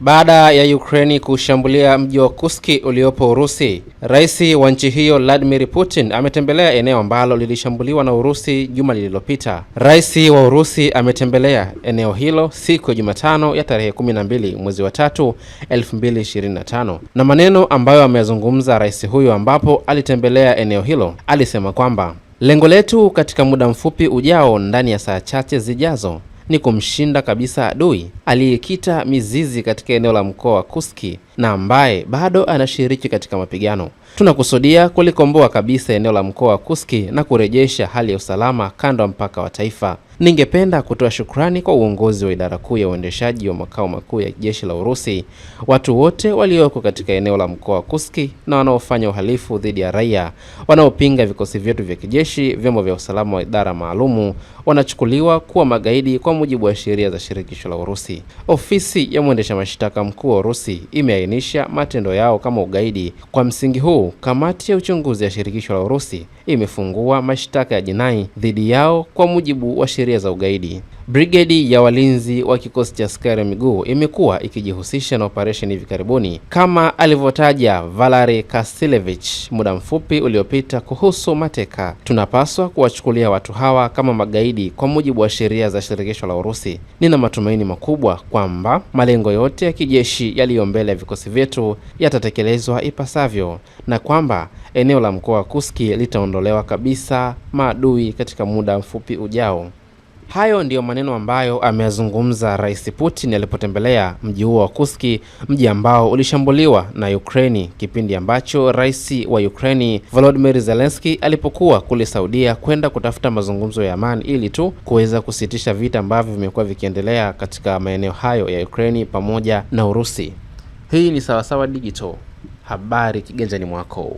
Baada ya Ukraini kushambulia mji wa Kuski uliopo Urusi, rais wa nchi hiyo Vladimir Putin ametembelea eneo ambalo lilishambuliwa na Urusi juma lililopita. Rais wa Urusi ametembelea eneo hilo siku ya Jumatano ya tarehe 12 mwezi wa tatu 2025, na maneno ambayo ameyazungumza rais huyo ambapo alitembelea eneo hilo alisema kwamba lengo letu katika muda mfupi ujao, ndani ya saa chache zijazo, ni kumshinda kabisa adui aliyekita mizizi katika eneo la mkoa wa Kuski na ambaye bado anashiriki katika mapigano. Tunakusudia kulikomboa kabisa eneo la mkoa wa Kuski na kurejesha hali ya usalama kando ya mpaka wa taifa. Ningependa kutoa shukrani kwa uongozi wa idara kuu ya uendeshaji wa makao makuu ya jeshi la Urusi, watu wote walioko katika eneo la mkoa wa Kuski na wanaofanya uhalifu dhidi ya raia, wanaopinga vikosi vyetu vya kijeshi, vyombo vya usalama wa idara maalumu, wanachukuliwa kuwa magaidi kwa mujibu wa sheria za shirikisho la Urusi. Ofisi ya mwendesha mashtaka mkuu wa Urusi imeainisha matendo yao kama ugaidi. Kwa msingi huu, kamati ya uchunguzi ya shirikisho la Urusi imefungua mashtaka ya jinai dhidi yao kwa mujibu wa sheria za ugaidi. Brigedi ya walinzi wa kikosi cha askari wa miguu imekuwa ikijihusisha na operesheni hivi karibuni, kama alivyotaja Valery Kastilevich muda mfupi uliopita kuhusu mateka. Tunapaswa kuwachukulia watu hawa kama magaidi kwa mujibu wa sheria za shirikisho la Urusi. Nina matumaini makubwa kwamba malengo yote ya kijeshi yaliyo mbele ya vikosi vyetu yatatekelezwa ipasavyo na kwamba eneo la mkoa wa Kuski litaondolewa kabisa maadui katika muda mfupi ujao. Hayo ndiyo maneno ambayo ameyazungumza Rais Putin alipotembelea mji huo wa Kursk, mji ambao ulishambuliwa na Ukraini, kipindi ambacho Rais wa Ukraini Volodymyr Zelensky alipokuwa kule Saudia kwenda kutafuta mazungumzo ya amani ili tu kuweza kusitisha vita ambavyo vimekuwa vikiendelea katika maeneo hayo ya Ukraini pamoja na Urusi. Hii ni Sawasawa Digital, habari kiganjani mwako.